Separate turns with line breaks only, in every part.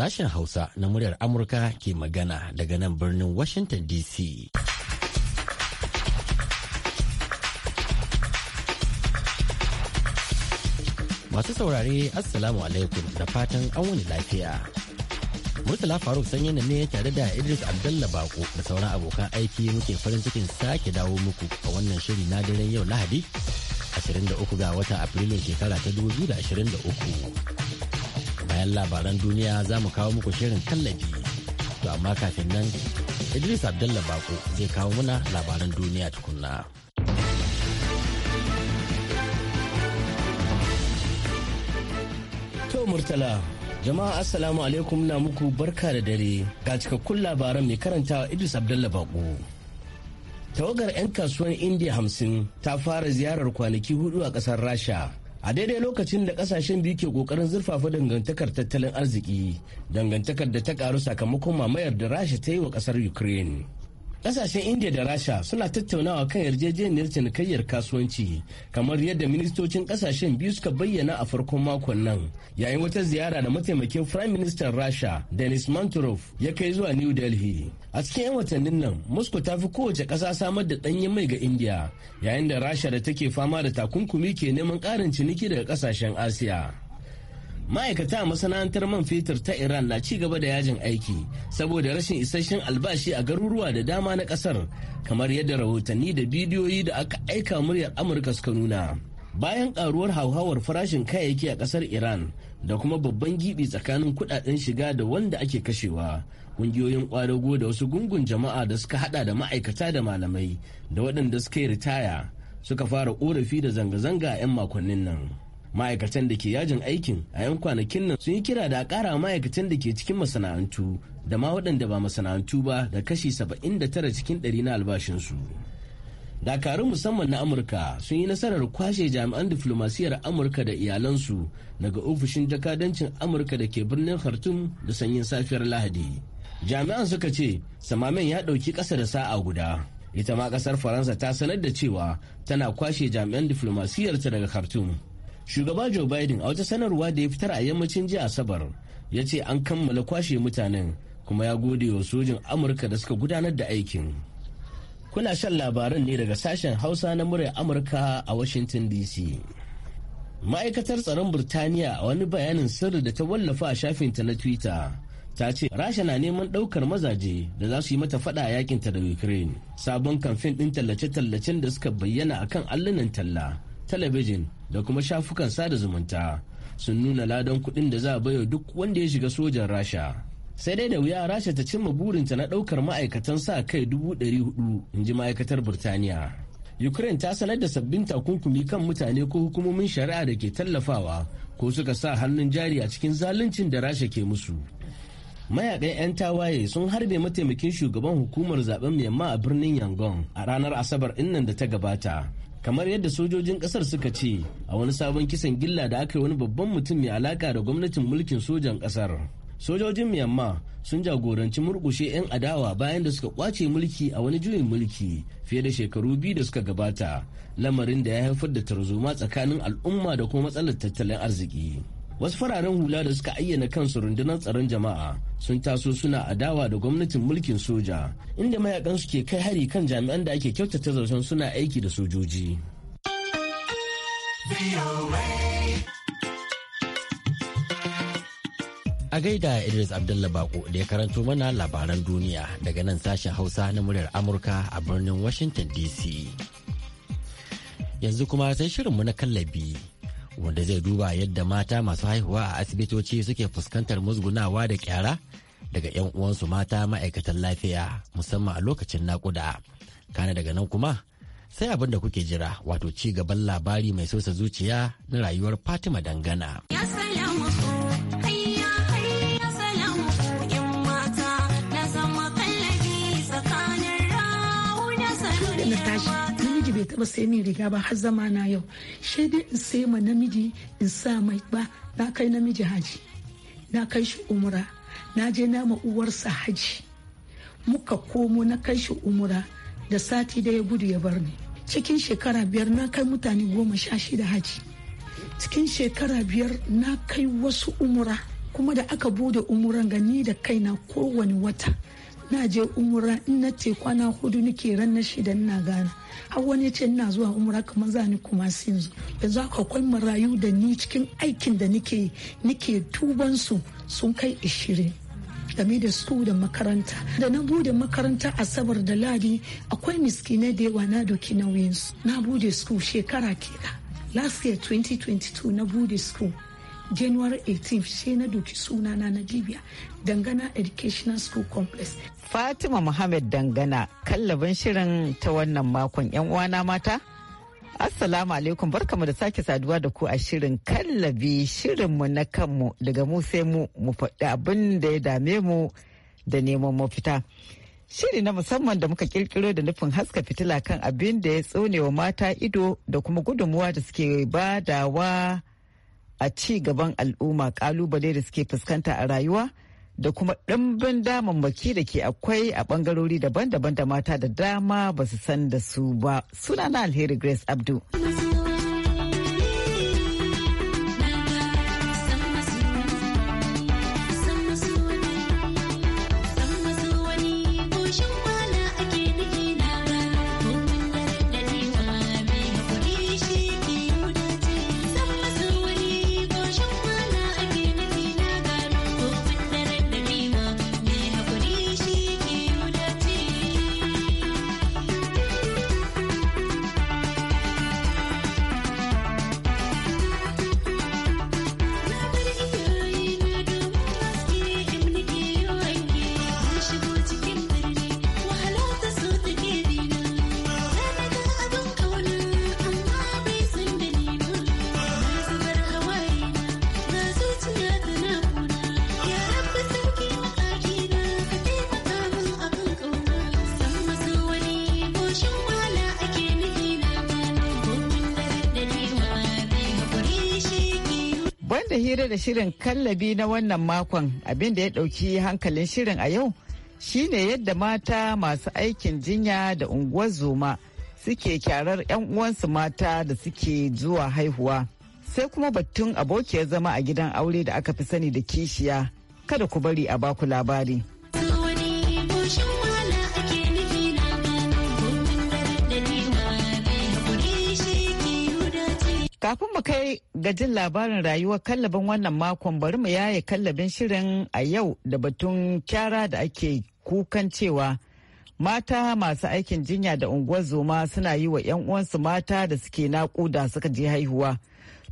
Sashen Hausa na muryar Amurka ke magana daga nan birnin Washington DC. Masu saurare Assalamu alaikum da fatan an wani lafiya. Murtala Faruk sanyi ne tare da Idris Abdalla Bako da sauran abokan aiki muke farin cikin sake dawo muku a wannan shiri na daren yau Lahadi 23 ga watan Afrilun shekara ta 2023. bayan labaran duniya za mu kawo muku shirin kallabi to amma kafin nan idris abdullahi bako zai kawo muna labaran duniya tukunna
to murtala jama'a assalamu alaikum na muku barka da dare ga cikakkun labaran mai karantawa idris abdullahi bako tawagar 'yan kasuwar indiya hamsin ta fara ziyarar kwanaki hudu a kasar rasha a daidai lokacin da kasashen biyu ke kokarin zurfafa dangantakar tattalin arziki dangantakar da ta karu sakamakon mamayar da rasha ta yi wa kasar ukraine Ƙasashen India da Rasha suna tattaunawa kan yarjejeniyar cinikayyar kasuwanci kamar yadda ministocin ƙasashen biyu suka bayyana a farkon makon nan yayin wata ziyara da mataimakin Prime Minister Rasha Denis Manturov ya kai zuwa New Delhi. A cikin 'yan watannin nan Moscow ta fi kowace ƙasa samar da ɗanye mai ga India yayin da Rasha da take fama da takunkumi ke neman ƙarin ciniki daga ƙasashen Asiya. ma'aikata a masana'antar man fetur ta iran na ci gaba da yajin aiki saboda rashin isasshen albashi a garuruwa da dama na kasar kamar yadda rahotanni da bidiyoyi da aka aika muryar amurka suka nuna bayan karuwar hauhawar farashin kayayyaki a kasar iran da kuma babban gibi tsakanin kudaden shiga da wanda ake kashewa kungiyoyin kwadago da wasu gungun jama'a da suka hada da ma'aikata da malamai da waɗanda suka yi ritaya suka fara korafi da zanga-zanga a 'yan makonnin nan ma'aikatan da ke yajin aikin a yan kwanakin nan sun yi kira da a ma'aikatan da ke cikin masana'antu da ma waɗanda ba masana'antu ba da kashi saba'in da tara cikin ɗari na albashinsu. dakarun musamman na amurka sun yi nasarar kwashe jami'an diflomasiyar amurka da iyalansu daga ofishin jakadancin amurka da ke birnin khartoum da sanyin safiyar lahadi jami'an suka ce samamen ya ɗauki ƙasa da sa'a guda ita ma ƙasar faransa ta sanar da cewa tana kwashe jami'an diflomasiyarta daga khartum. shugaba joe biden a wata sanarwa da ya fitar a yammacin jiya asabar ya ce an kammala kwashe mutanen kuma ya gode wa sojin amurka da suka gudanar da aikin kuna shan labaran ne daga sashen hausa na murya amurka a washington dc ma'aikatar tsaron burtaniya a wani bayanin sirri da ta wallafa a shafinta na twitter ta ce rasha na neman ɗaukar mazaje da za su yi mata fada a yakinta da ukraine sabon kamfen ɗin tallace-tallacen da suka bayyana akan allunan talla talabijin da kuma shafukan sada zumunta sun nuna ladan kuɗin da za a baiwa duk wanda ya shiga sojan rasha sai dai da wuya rasha ta cimma burinta na ɗaukar ma'aikatan sa kai dubu ɗari hudu in ji ma'aikatar birtaniya ukraine ta sanar da sabbin takunkumi kan mutane ko hukumomin shari'a da ke tallafawa ko suka sa hannun jari a cikin zaluncin da rasha ke musu mayakan 'yan tawaye sun harbe mataimakin shugaban hukumar zaben myanmar a birnin yangon a ranar asabar innan da ta gabata kamar yadda sojojin kasar suka ce a wani sabon kisan gilla da aka yi wani babban mutum mai alaka da gwamnatin mulkin sojan kasar sojojin myanmar sun jagoranci murkushe 'yan adawa bayan da suka kwace mulki a wani juyin mulki fiye da shekaru biyu da suka gabata lamarin da ya haifar da tarzoma tsakanin al'umma da kuma matsalar tattalin arziki wasu fararen hula da suka ayyana kansu rundunar tsaron jama'a sun taso suna adawa da gwamnatin mulkin soja inda mayakan su ke kai hari kan jami'an da ake kyautata zaton suna aiki da sojoji
a gaida idris abdulla bako da ya karanto mana labaran duniya daga nan sashen hausa na muryar amurka a birnin washington dc yanzu kuma sai shirinmu na kallabi wanda zai duba yadda mata masu haihuwa a asibitoci suke fuskantar musgunawa da kyara daga 'yan uwansu mata ma'aikatan lafiya musamman a lokacin nakuda kana daga nan kuma sai abin da kuke jira wato ci gaban labari mai sosa zuciya na rayuwar fatima dangana.
taba sai min riga ba har zama na yau shi dai in sai ma namiji in sa mai ba na kai namiji haji na kai shi umura na je na uwarsa haji muka komo na kai shi umura da sati da ya gudu ya bar ni cikin shekara biyar na kai mutane goma sha shida haji cikin shekara biyar na kai wasu umura kuma da aka bude umuran gani da kaina kowane wata na je umura in na ce kwana hudu nake ran na shida ina gana har wani ce ina zuwa umura kamar zani ni kuma sin zu yanzu haka akwai marayu da ni cikin aikin da nike nike tuban su sun kai ishirin game da su da makaranta da na bude makaranta asabar da ladi akwai miskinai da yawa na doki nauyinsu na bude su shekara kenan last year 2022 na bude school january 18 sai na doki
sunana na libya dangana educational school complex fatima muhammad dangana kallaban shirin ta wannan makon yan uwana mata Assalamu alaikum barkamu da sake saduwa da ku a shirin kallabi shirinmu na kanmu daga mu sai mu mu faɗi abin da ya dame mu da neman mafita. Shiri na musamman da muka kirkiro da nufin haska fitila kan abin da ya wa mata ido da kuma gudunmuwa da suke badawa a ci gaban al'umma kalubale da suke fuskanta a rayuwa da kuma ɗimbin damammaki da ke akwai a ɓangarori daban-daban da mata da dama ba su san da su ba. suna na Alheri Grace Abdu. hira da shirin kallabi na wannan makon abin da ya ɗauki hankalin shirin a yau shine yadda mata masu aikin jinya da unguwar zoma suke kyarar 'yan uwansu mata da suke zuwa haihuwa sai kuma batun abokiyar zama a gidan aure da aka fi sani da kishiya kada ku bari a baku labari. Kafin mu kai ga jin labarin rayuwar kallabin wannan makon bari mu yaye kallabin shirin a yau da batun kyara da ake kukan cewa mata masu aikin jinya da unguwar zoma suna yi wa 'yan uwansu mata da suke naƙuda suka je haihuwa.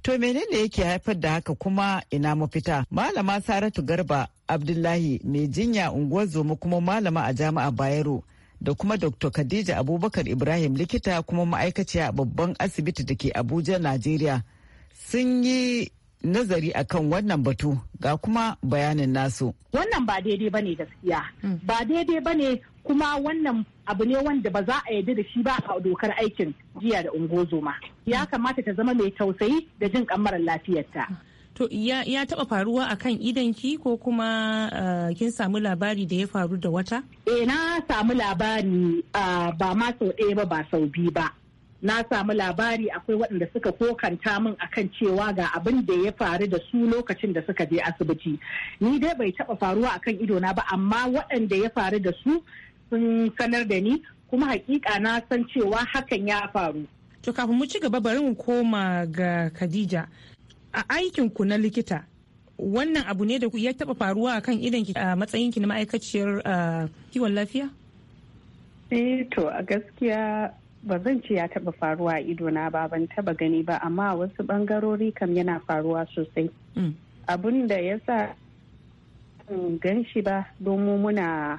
To menene yake haifar da haka kuma ina mafita? Malama Saratu Garba Abdullahi mai jinya unguwar zoma kuma malama a jami'a Bayero. da kuma Dr. Khadija Abubakar Ibrahim likita kuma ma'aikaciya a babban asibiti da ke Abuja, Najeriya sun yi nazari akan wannan batu ga kuma bayanin nasu. Wannan ba daidai ba ne gaskiya, ba daidai ba ne kuma wannan
abu ne wanda ba za a yarda da shi ba a dokar aikin jiya da ungozoma. Ya kamata ta zama mai tausayi da jin kamar lafiyarta.
to ya, ya taba faruwa akan idanki ko kuma eh, kin samu labari da ya faru da wata eh na samu labari
uh, ba ma sau ɗaya ba ba sau biyu ba na samu labari akwai waɗanda suka kokanta min akan cewa ga abin da ya faru da su lokacin da suka je asibiti ni dai bai taɓa faruwa akan idona ba amma waɗanda ya faru da su sun sanar da ni
kuma hakika na san cewa hakan ya faru to kafin mu ci gaba bari mu koma ga khadija a aikinku na likita wannan abu ne da ku ya taba faruwa a kan idan a matsayin ki na ma'aikaciyar kiwon lafiya?
Eh to a gaskiya ba zan ce ya taba faruwa a idona ba ban taba gani ba amma wasu bangarori kam yana faruwa sosai. Mm. Abun da ya sa gan shi ba domin muna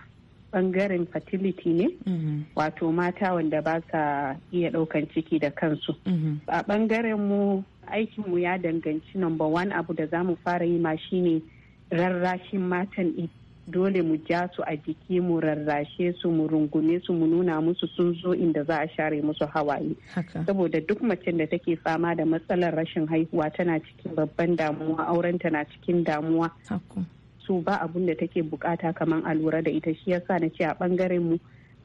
bangaren fertility ne mm-hmm. wato mata wanda ba sa iya daukan ciki da kansu mm-hmm. a bangaren mu mu ya danganci number one abu da zamu fara yi ma shine rarrashin matan dole mu ja su a jiki mu rarrashe su mu rungume su mu nuna musu sun zo inda za a share musu hawaye saboda duk macen da take fama da matsalar rashin haihuwa tana cikin babban damuwa aurenta na cikin damuwa so ba abun da take bukata kamar a lura da ita shi yasa na ce a bangaren mu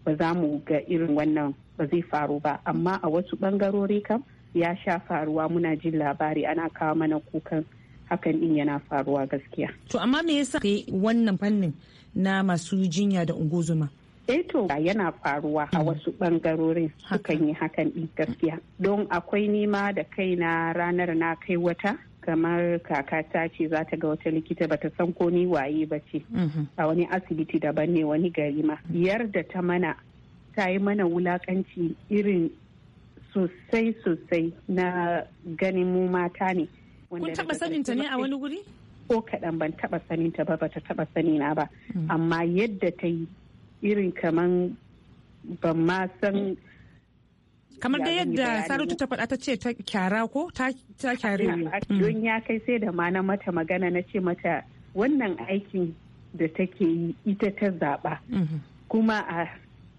ba za mu ga irin wannan ba zai faru ba amma a wasu bangarori kam ya sha faruwa muna jin labari ana kawo mana kukan hakan din yana faruwa gaskiya.
To amma me yasa wannan fannin na masu jinya da ungozuma?
eto eh yana faruwa a mm. wasu bangarorin sukan yi hakan din gaskiya don akwai nima da kaina ranar na kai wata kamar ta ce za ta ga wata likita bata san ko ni waye ba ce mhm. a wani asibiti daban ne wani gari ma yarda ta mana ta yi mana wulakanci irin sosai sosai na ganin mu mata ne
kun taba saninta ne a wani guri
ko kaɗan ban taba saninta ba bata taba na ba mhm. amma yadda ta yi irin kaman ban ma san
kamar da yadda saratu ta
faɗa ta ce ta kyara ko ta kyare don mm. ya kai sai da ma na mata magana na ce mata wannan aikin da take yi ita ta zaɓa mm-hmm. kuma a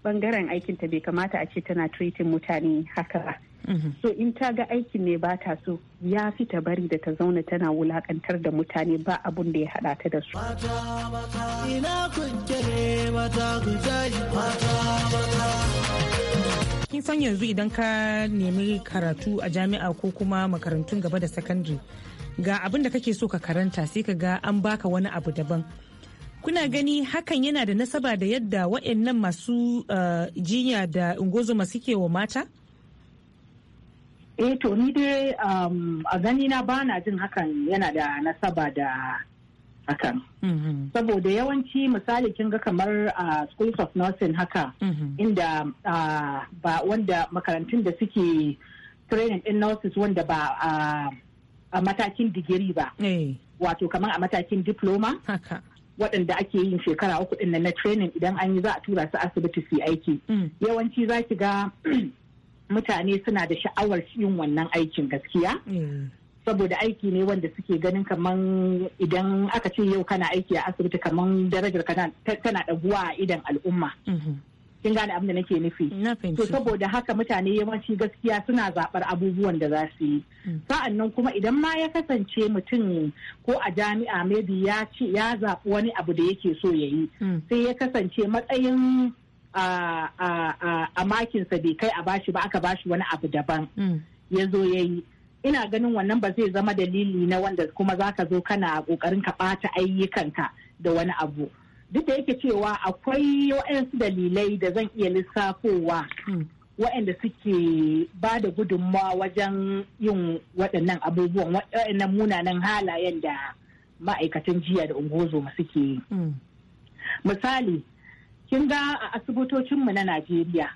bangaren aikin ta bai kamata a ce tana treating mutane haka ba mm-hmm. so in ta ga aikin ne ba ta so ya fi ta bari da ta zauna tana wulakantar da mutane ba abun da ya hada ta da su
mata mata
ina mata ku mata
mata
san yanzu idan ka nemi karatu a jami'a ko kuma makarantun gaba da sakandare ga abin da kake so ka karanta sai ka ga an baka wani abu daban kuna gani hakan yana da nasaba da yadda waɗannan masu eh, jinya da ungozoma suke wa mata?
eh to ni dai um, a gani na ba jin hakan yana da nasaba da hakan. Mm-hmm. Saboda yawanci misali kin ga kamar a schools of nursing haka mm-hmm. inda ba wanda makarantun da suke training in nurses wanda ba a matakin digiri ba. Eh. Wato kamar a matakin diploma. waɗanda ake yin shekara uku ɗin na training idan an yi za a tura su asibiti su aiki. Mm. Yawanci za ki ga mutane suna da sha'awar yin wannan aikin gaskiya. Eh. saboda aiki ne wanda suke ganin kaman idan aka ce yau kana aiki a asibiti kaman darajar kana tana ɗaguwa a idan al'umma mhm. kin gane abin da nake nufi to saboda haka mutane yawanci gaskiya suna zaɓar abubuwan da za su yi mm. sa'annan kuma idan ma ya kasance mutum ko a jami'a maybe ya ce ya zaɓi wani abu da yake so ya yi mm. sai ya kasance matsayin a makinsa bai kai a bashi ba aka bashi wani abu daban mm. ya zo ya yi ina ganin wannan ba zai zama dalili na wanda kuma za ka zo kana kokarin ka ɓata ayyukanka da wani abu duk da yake cewa akwai waɗansu dalilai da zan iya lissafowa hmm. waɗanda suke ba da gudunmawa wajen yin waɗannan abubuwan waɗannan munanan halayen da ma'aikatan jiya da ungozoma suke yi hmm. misali kin ga a asibitocin mu na Najeriya.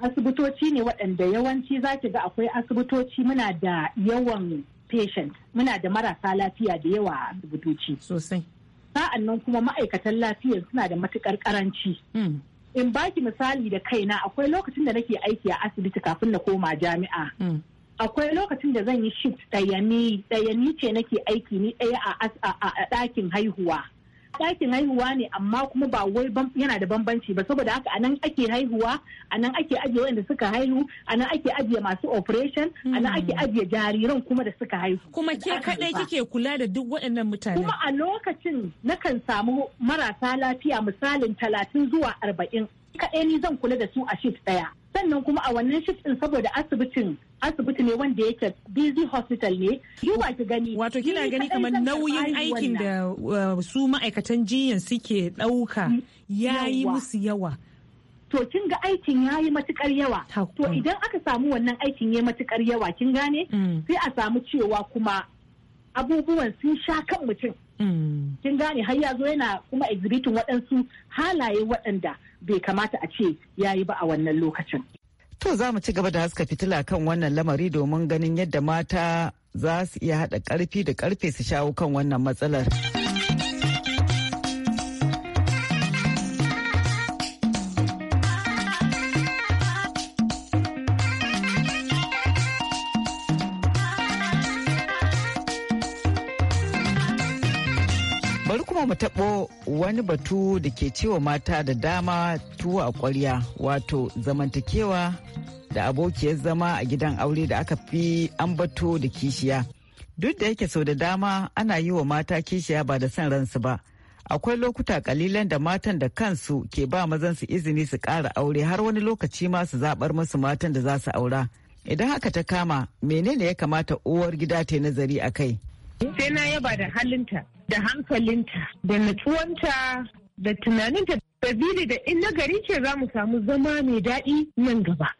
Asibitoci ne waɗanda yawanci zaki ga akwai asibitoci muna da yawan patient, muna da marasa lafiya da yawa a asibitoci. Sosai. Sa'an nan kuma ma'aikatan lafiya suna da matukar ƙaranci. Hmm. In baki misali da kaina akwai lokacin da nake aiki a asibiti kafin na koma jami'a. Hmm. Akwai lokacin da zan yi shift ɗayani, ɗayani ce nake aiki ni ɗaya a ɗakin haihuwa. ɗakin haihuwa ne amma kuma ba wai yana da bambanci ba saboda haka anan ake haihuwa anan ake ajiye wanda suka haihu anan ake ajiye masu operation anan ake hmm. ajiye jariran kuma da suka haihu
kuma ke kadai kike kula da duk waɗannan mutane kuma
a lokacin nakan samu marasa lafiya misalin talatin zuwa arba'in kaɗai ni zan kula da su a shift ɗaya sannan kuma a wannan shifin saboda asibitin asibiti ne wanda yake busy hospital ne duba ki gani wato kina gani kamar nauyin aikin da
uh, su ma'aikatan jiyan suke ɗauka mm, yayi musu yawa to kin ga aikin
ya yi matukar yawa to idan aka samu wannan aikin ya yi matukar yawa kin gane mm. sai a samu cewa kuma abubuwan sun sha kan mutum mm. kin gane har ya zo yana kuma exhibiting waɗansu halaye waɗanda bai kamata a ce ya yi ba a wannan lokacin.
To za mu ci gaba da haska fitila kan wannan lamari domin ganin yadda mata za su iya haɗa ƙarfi da ƙarfe su shawo kan wannan matsalar. kuma mu taɓo wani batu da ke cewa mata da dama tuwo a ƙwarya wato zamantakewa da abokiyar zama a gidan aure da aka fi ambato da kishiya. Duk da yake sau da dama ana yi wa mata kishiya ba da son ransu ba. Akwai lokuta kalilan da matan da kansu ke ba mazan su izini su ƙara aure har wani lokaci ma su zaɓar musu matan da za su aura. Idan haka ta kama menene ya kamata uwar gida ta yi nazari a kai?
Sai na yaba da halinta, da hankalinta, da nutsuwanta da tunaninta. Sabili da in nagari ce za mu samu zama mai daɗi nan gaba.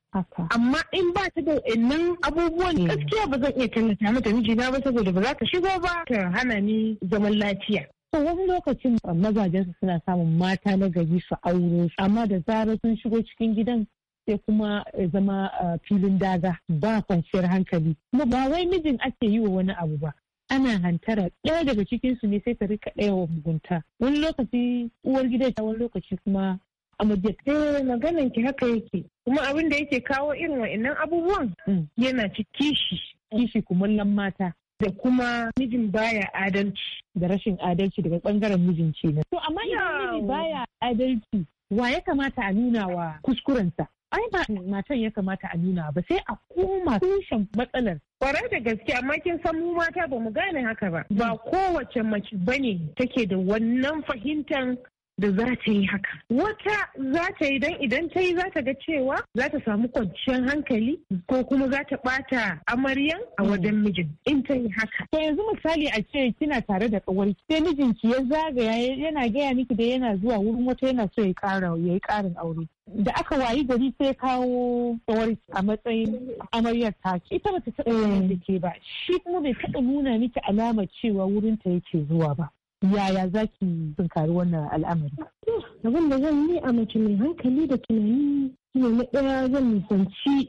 Amma in ba ta da innan abubuwan eh. gaskiya ba zan iya tallata mata mijina ba saboda ba za ka shigo ba ta hana ni zaman lafiya. wani lokacin eh, mazajensu suna samun mata na gari su aure amma da zarar sun shigo cikin gidan sai kuma zama eh, filin daga ba kwanciyar hankali kuma ba wai mijin ake yi wa wani abu ba ana hantara ɗaya daga cikin su ne sai ta rika ɗaya wa mugunta wani lokaci uwar gida ta wani lokaci kuma a mujette eh, maganan ki haka yake kuma abin da yake kawo irin wa'annan abubuwan mm. yana ci kishi kishi kumallon mata da kuma mijin baya adalci da rashin adalci daga bangaren mijin ce to amma idan miji baya adalci wa ya kamata a nuna wa kuskurensa ai ba matan ya kamata a nuna ba sai a koma tushen matsalar kwarai da gaske amma kin san mu mata ba mu gane haka ba ba mm. kowace mace bane take da wannan fahimtar da za ta yi haka wata za ta yi don idan ta yi za ta ga cewa za ta samu kwanciyar hankali ko kuma za ta bata amaryan a wajen hmm. mijin in ta yi haka to yanzu misali a ce kina tare da kawar sai mijinki ya zagaya yana gaya miki da yana zuwa wurin wata yana so ya kara yi karin aure da aka wayi gari sai kawo tsawar a matsayin amaryar ta ce ita bata taɓa eh. da ke ba shi kuma bai taɓa nuna miki alamar cewa wurin ta yake zuwa ba yaya za ki tunkari wannan al'amari? Abin da zan yi a mace mai hankali da tunani shine na ɗaya zan nisanci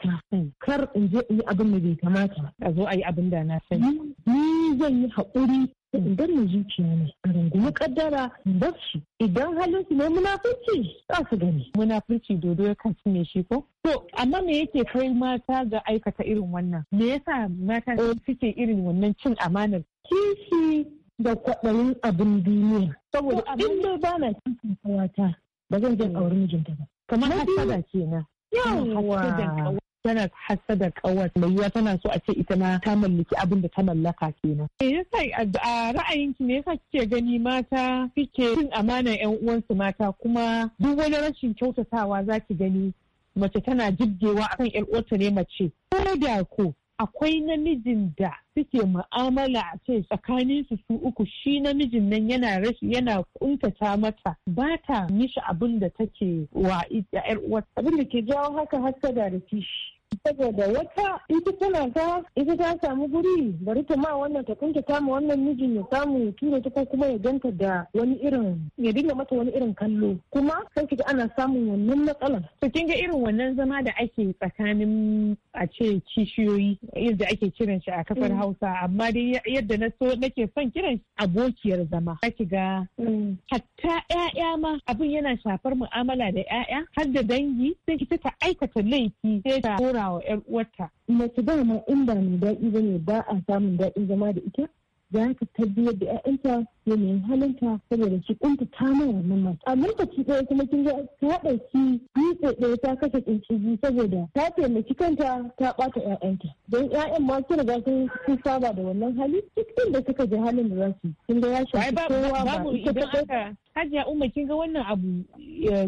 ta. kar in je in yi abin da bai kamata. A zo a yi abin da na sani. Ni zan yi haƙuri in danna zuciya ne a rungumi kaddara bar idan halin su ne munafurci za su gani. Munafurci dodo ya kan cinye shi ko? To amma me yake kai mata ga aikata irin wannan? Me yasa mata eh. suke irin wannan cin amanar? Kishi da kwaɗayin abin duniya. Saboda abin da ba na cikin kawata ba zan jan aure mijinta ba. Kamar hasada ce na. Yawwa. Tana hasada kawar mai yiwa tana so a ce ita ma ta mallaki abin da ta mallaka kenan. Me yasa a ra'ayinki ne yasa kike gani mata kike cin amanar yan uwansu mata kuma duk wani rashin kyautatawa za ki gani mace tana jibgewa akan yan uwarta ne mace. Ko da ko akwai namijin da suke mu'amala a ce tsakanin su su uku shi namijin nan yana rashi yana kuntata mata ba ta mishi abin da take wa yar uwa abin da ke jawo haka hasada da kishi saboda wata ita tana ta ita ta samu guri bari ta ma wannan ta kunta ta ma wannan mijin ya samu tura ta ko kuma ya ganta da wani irin ya dinga mata wani irin kallo kuma sai kiji ana samun wannan matsalar to kin ga irin wannan zama da ake tsakanin a ce kishiyoyi yadda ake kiran shi a kafar mm. Hausa amma dai yadda na so nake son kiran abokiyar zama ki ga mm. hatta ƴaƴa ma abin yana shafar mu'amala da ƴaƴa har da dangi sai ki ta aikata laifi sai ta nuna wa 'yar uwarta mace dama in ba mai daɗi ba ne ba a samun daɗin zama da ita za ka tarbiyyar da 'ya'yanta yanayin halinta saboda shi kunta ta ma wannan mace a lokaci ɗaya kuma kin ga ta ɗauki dutse ɗaya ta kashe tsinci saboda ta taimaki kanta ta ɓata ƴaƴanta don ƴaƴan ma sun riga sun saba da wannan hali duk inda suka je halin da za su kin ga ya shafi kowa ba ita ta Hajiya Umar kin ga wannan abu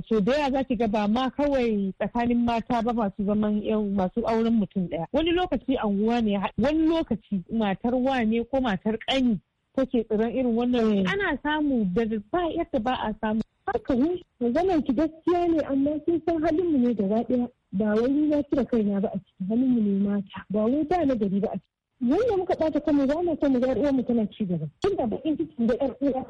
so da yawa za ki ga ba ma kawai tsakanin mata ba masu zaman masu auren mutum ɗaya. Wani lokaci anguwa ne wani lokaci matar wa ne ko matar ƙani take tsiron irin wannan ana samu da ba yadda ba a samu haka ne ki gaskiya ne amma sun san halin mu ne da daya ba wai ni na cire kaina ba a cikin halin mu ne mata ba wai ba na gari ba a cikin. Wanda muka ɓata kama za mu san mu ga mu tana ci gaba tun da bakin cikin da yar uwa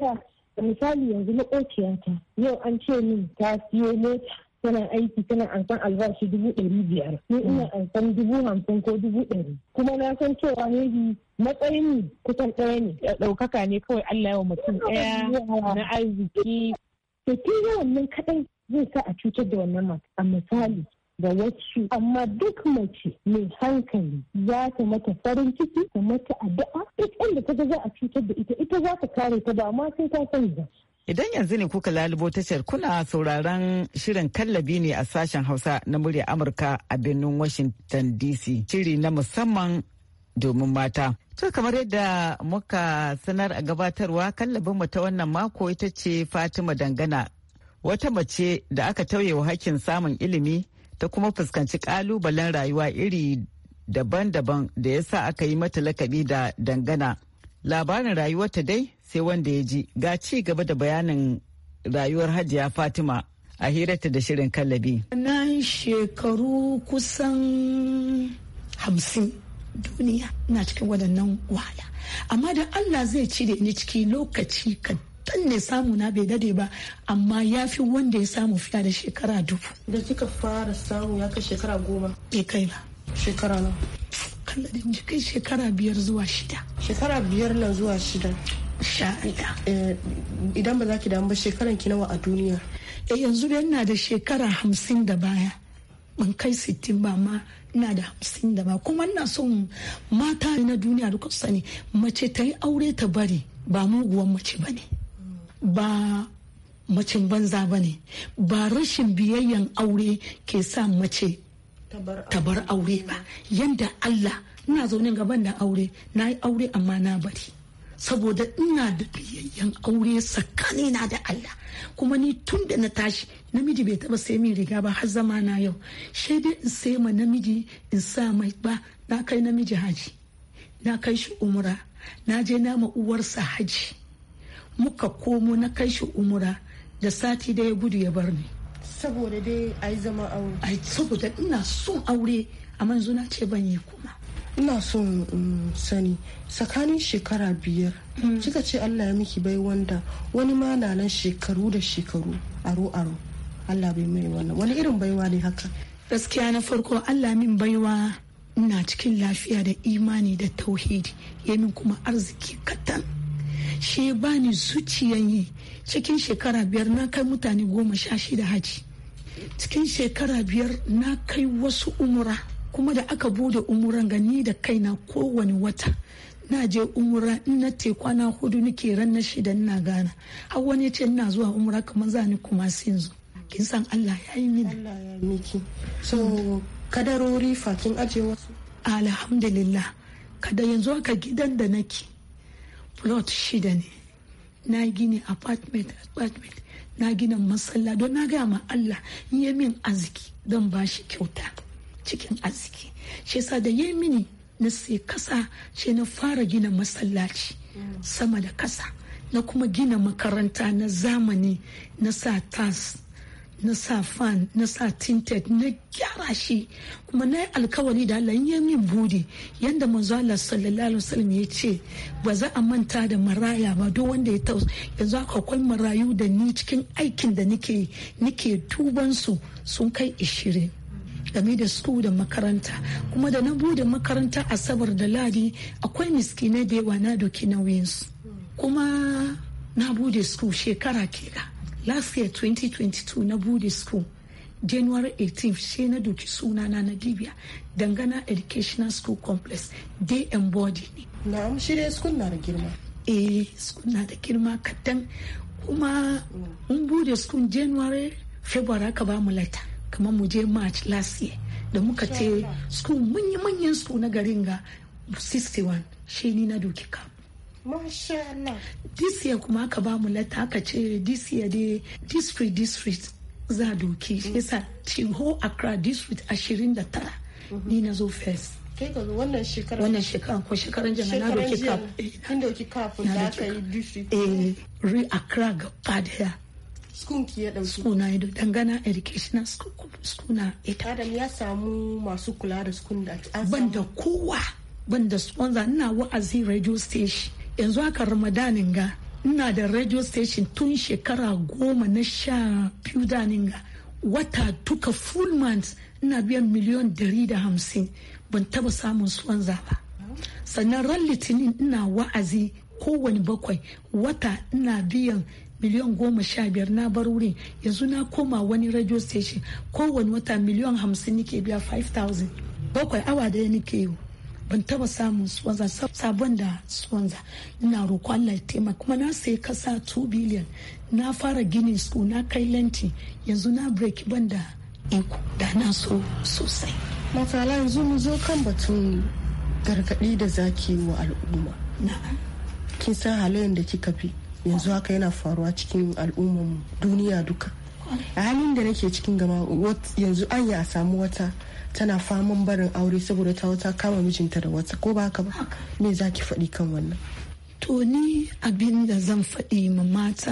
ta misali yanzu ta yau an ce min ta siyo mota tana aiki tana ankan albashi dubu ɗari biyar ne ina mm. dubu hamsin ko dubu ɗari kuma na san cewa ne matsayin kusan ɗaya ne ɗaukaka ne kawai Allah yawa mutum ɗaya na arziki to tun wannan kaɗai zai sa a cutar da wannan mata a misali da wacce amma duk mace mai hankali za ta mata farin
ciki ta mata addu'a duk inda ta ga za a cutar da ita ita za ta kare ta ba ma sai ta sani ba Idan yanzu ne kuka lalubo tashar kuna sauraron shirin kallabi ne a sashen Hausa na murya Amurka a birnin Washington DC. Shiri na musamman domin mata. To kamar yadda muka sanar a gabatarwa kallabin mu ta wannan mako ita ce Fatima Dangana. Wata mace da aka tauye wa hakkin samun ilimi ta kuma fuskanci kalubalen rayuwa iri daban-daban da ya sa aka yi mata lakabi da dangana. labarin rayuwarta dai sai wanda ya ji ga ci gaba da bayanin rayuwar hajiya fatima a hirarta da shirin kallabi. nan
shekaru kusan hamsin duniya na cikin waɗannan wahala amma da allah zai cire ni ciki lokaci kadan ne samu na bai dade ba amma ya fi wanda ya samu fiya da shekara dubu da kika
fara samu ya kai shekara goma bai kai ba shekara nawa Allah da kai shekara biyar zuwa shida. Shekara biyar na zuwa shida. Eh, idan ba za ki damu ba shekaran ki nawa a duniya. E yanzu dai na da shekara hamsin da baya.
Ban kai sittin ba ma ina da hamsin da baya kuma ina son mata na duniya duka sani mace ta yi aure ta bari ba muguwan mace ba ne. Ba macin banza ba ne ba rashin biyayyan aure ke sa mace ta bar aure ba yanda Allah ina zaune gaban da aure na yi aure amma na bari saboda ina da biyayyen aure tsakanina da Allah kuma ni tun da na tashi namiji bai taba sai min riga ba har zama na yau shai dai in sai ma namiji in sa mai ba na kai namiji haji na kai shi umura na je na ma uwarsa haji muka komo na kai shi
umura da sati da
ya gudu ya bar ni
saboda dai a yi zama aure ai saboda ina son aure a manzo na ce ban yi kuma ina son um, sani tsakanin shekara biyar mm. kika ce allah ya miki bai wanda wani ma na nan shekaru da shekaru aro aro allah bai mai wannan wani irin baiwa ne
haka gaskiya na farko allah min baiwa ina cikin lafiya da imani da tauhidi ya min kuma arziki katan shi ya bani zuciyan yi cikin shekara biyar na kai mutane goma sha shida haji cikin shekara biyar na kai wasu umura kuma da aka bude umuran gani da kaina kowane wata na je umura na te kwana hudu nike ran na shida ina gana har wani ce ina zuwa umura kamar za ni kuma sin zo kin san Allah ya yi mini Allah ya miki so kadarori fakin aje wasu alhamdulillah kada yanzu haka gidan da nake plot shida ne na gini apartment apartment na gina masalla don na gaya ma Allah ya min arziki don ba shi kyauta cikin arziki shi yasa da ya mini na sai kasa shi na fara gina masallaci sama da kasa na kuma gina makaranta na zamani na sa tas na sa fan na sa tinted na gyara shi kuma na yi alkawari da Allah ya min bude yanda manzo Allah sallallahu alaihi wasallam ya ce ba za a manta da maraya ba duk wanda ya tausa yanzu haka akwai marayu da ni cikin aikin da nike nike tuban su sun kai ashirin. game da su da makaranta kuma da na bude makaranta asabar da ladi akwai miskinai da yawa na doki nauyinsu kuma na bude su shekara kenan last year 2022 na bude school january 18 she na doki sunana na libya dangana educational school complex day and body ne na'am shi dai school na da girma eh school na da girma kadan kuma mun bude school january february aka ba mu lata kamar mu je march last year da muka te school manyan manyan school na garin ga 61 she ni na doki kam Masha This year kuma aka ba mu lata aka ce this year dai district district za doki. Shi mm-hmm. yasa Chiho Accra district tara mm-hmm. ni na zo first. kai ga wannan shekarar wannan shekarar ko shekarar jana na doki kaf kin doki kaf da aka yi district eh re Accra ga daya school ki ya dauki school na ido dangana educational school school na ita adam ya samu masu kula da school da ban da kowa ban da sponsor ina wa'azi radio station yanzu haka ramadanin ga ina da radio station tun shekara goma na sha biyu danin ga wata duka full month ina biyan miliyon dari da hamsin ban taba samun suwan zaba sannan ran litinin ina wa'azi kowane bakwai wata ina biyan miliyan goma sha biyar na bar wurin yanzu na koma wani radio station kowane wata miliyan hamsin nike biya 5000 bakwai awa daya nike yi ban taba samun suwanza sabon da suwanza na roƙo Allah ya kuma na sayi kasa 2 billion na fara gini su na kai lanti yanzu na break ban da iko da
na so sosai matsala yanzu mu zo kan batun gargaɗi da zaki wa al'umma kin san halayen da kika fi yanzu haka yana faruwa cikin al'umman duniya duka a halin da nake cikin gama yanzu an a samu wata tana faman barin aure saboda ta wata kama mijinta da wata ko ba ka ba me za ki faɗi kan wannan to ni abin da zan faɗi ma mata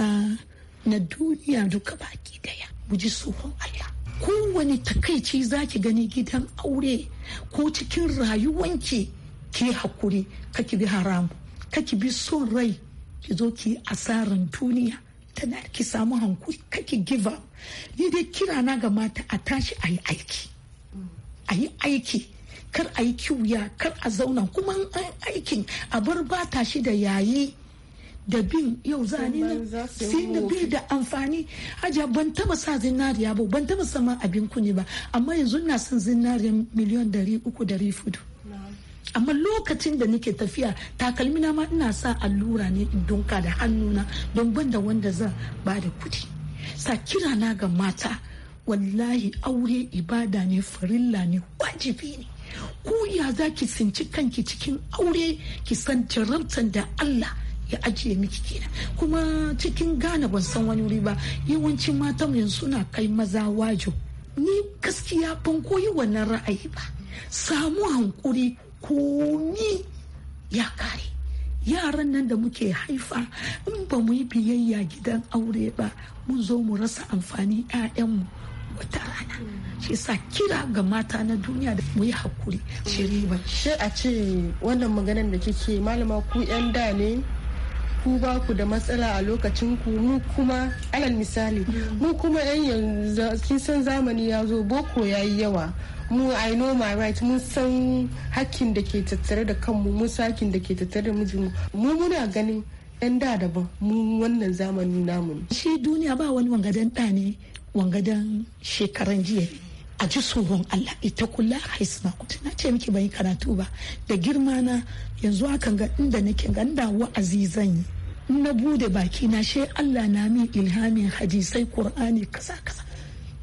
na duniya duka baki daya mu ji tsoron Allah kowane takaici za ki gani gidan aure ko cikin rayuwanki ki hakuri kaki bi haramu kaki bi son rai ki zo ki asaran duniya tana ki samu hankuri ki give up ni dai kira na ga mata a tashi a yi aiki a yi aiki kar a yi kiwuya kar a zauna kuma an aikin a bar bata shi da yayi da bin yau zane na sai da bi da amfani hajiya ban taba sa zinariya ba ban taba sama abin kuni ba amma yanzu na son zinariya miliyan dari uku dari fudu amma lokacin da nake tafiya takalmi na ma ina sa allura ne in dunka da hannuna don banda wanda zan ba da kudi sa kira na ga mata wallahi aure ibada ne farilla ne wajibi ne ku ya za ki tsinci kanki cikin aure ki san jarabtar da Allah ya ajiye miki kenan kuma cikin gane ban san wani wuri ba yawancin matan yanzu suna kai maza wajo ni gaskiya ban koyi wannan ra'ayi ba samu hankuri ni ya kare yaran nan da muke haifa in ba mu yi biyayya gidan aure ba mun zo mu rasa amfani 'ya'yanmu wata rana shi sa
kira ga mata na duniya da mu yi hakuri shi riba shi a ce wannan maganar da kike malama ku yan da ne ku ba ku da matsala a lokacin ku mu kuma alal misali mu kuma yan yanzu kin san zamani ya zo boko ya yi yawa mu i know my right mun san hakkin da ke tattare da kanmu mun sakin da ke tattare da mijinmu mu muna ganin yan da daban mu wannan zamanin namu shi duniya ba wani wangadan da ne wangadan shekaran jiya a
ji tsoron Allah ita kula haisna kuti na ce miki bai karatu ba da girma na yanzu haka ga inda nake ganda wa'azi zan yi na bude baki na she Allah na min ilhamin hadisai Qur'ani kasa kasa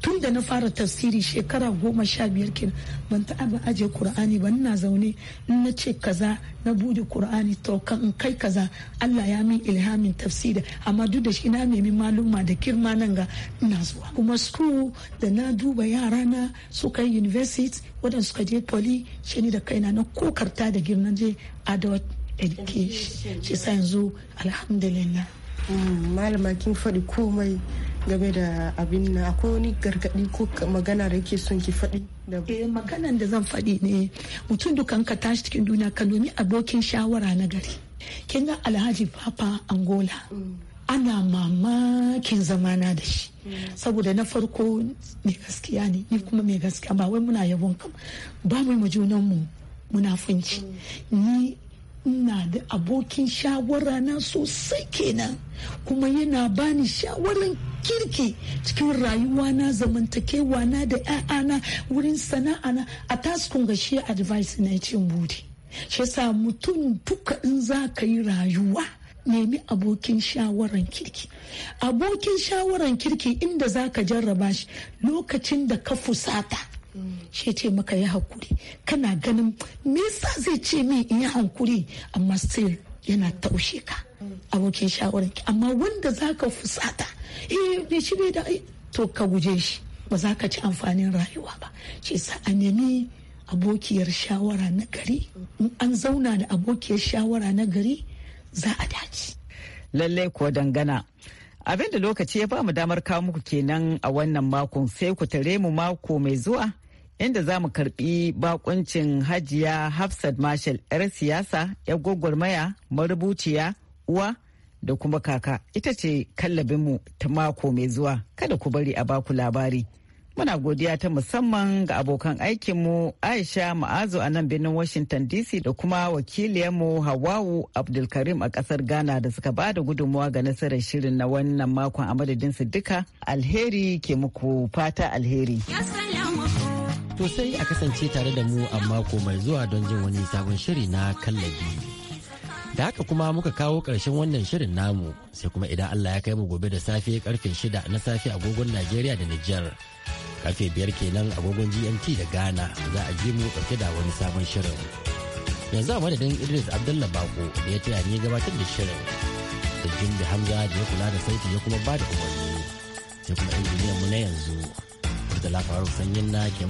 tun da na fara tafsiri shekara goma sha biyar kenan ban taɓa aje kur'ani ba ina zaune in na ce kaza na bude kur'ani to kan in kai kaza Allah ya min ilhamin tafsiri amma duk da shi na nemi maluma da girma nan ga ina zuwa kuma school da na duba yara na su yi university wadanda suka je poli shi ni da kaina na kokarta da girma je
adult education shi sa yanzu alhamdulillah mm, malama faɗi komai game da abin na akwai wani gargadi ko magana da yake son ki faɗi eh maganan da zan faɗi ne mutum dukan ka tashi cikin duniya ka nomi abokin
shawara na gari kin ga alhaji papa angola mm. ana mamakin zamana da shi mm. saboda na farko mai gaskiya ne ni kuma mai gaskiya ba wai muna yabon kam ba mu mu junan mu munafunci mm. ni ina da abokin shawara na sosai kenan kuma yana bani shawaran kirki cikin rayuwa na zamantakewa na da 'ya'yana wurin sana'a na a taskun ga shi advice na cin buri shi sa mutum duka in za ka yi rayuwa nemi abokin shawaran kirki abokin shawaran kirki inda za ka jarraba shi lokacin da ka fusata shi ce maka ya hakuri kana ganin me yasa zai ce min in yi hankuri amma sai yana taushe ka abokin shawarar amma wanda zaka fusata eh bai shi bai da to ka guje shi ba za ka ci amfanin rayuwa ba shi sa a nemi abokiyar shawara na gari in an zauna da abokiyar
shawara na gari za a dace lallai ko dangana abin da lokaci ya ba mu damar kawo muku kenan a wannan makon sai ku tare mu mako mai zuwa inda za mu karbi bakuncin hajiya hafsat marshal 'yar siyasa 'yar gwagwarmaya marubuciya uwa da kuma kaka ita ce kallabinmu ta mako mai zuwa kada ku bari a baku labari muna godiya ta musamman ga abokan aikinmu aisha ma'azu a nan birnin washington dc da kuma wakiliyarmu hawawu abdulkarim a kasar ghana da suka ba da gudunmuwa ga nasarar shirin na wannan makon a madadinsu duka alheri ke muku fata alheri yes, To sai a kasance tare da mu a mako mai zuwa don jin wani sabon shiri na kallabi.
Da haka kuma muka kawo ƙarshen wannan shirin namu sai kuma idan Allah ya kai mu gobe da safe karfe shida na safe agogon Najeriya da Nijar. Karfe biyar kenan agogon GMT da Ghana za a ji mu ɗauke da wani sabon shirin. Yanzu a madadin Idris Abdullah Bako da ya taya ni gabatar da shirin. Da Jimbi Hamza da ya kula da sauti ya kuma ba da umarni. Sai kuma injiniyan mu na yanzu. Da labarin sanyin na ke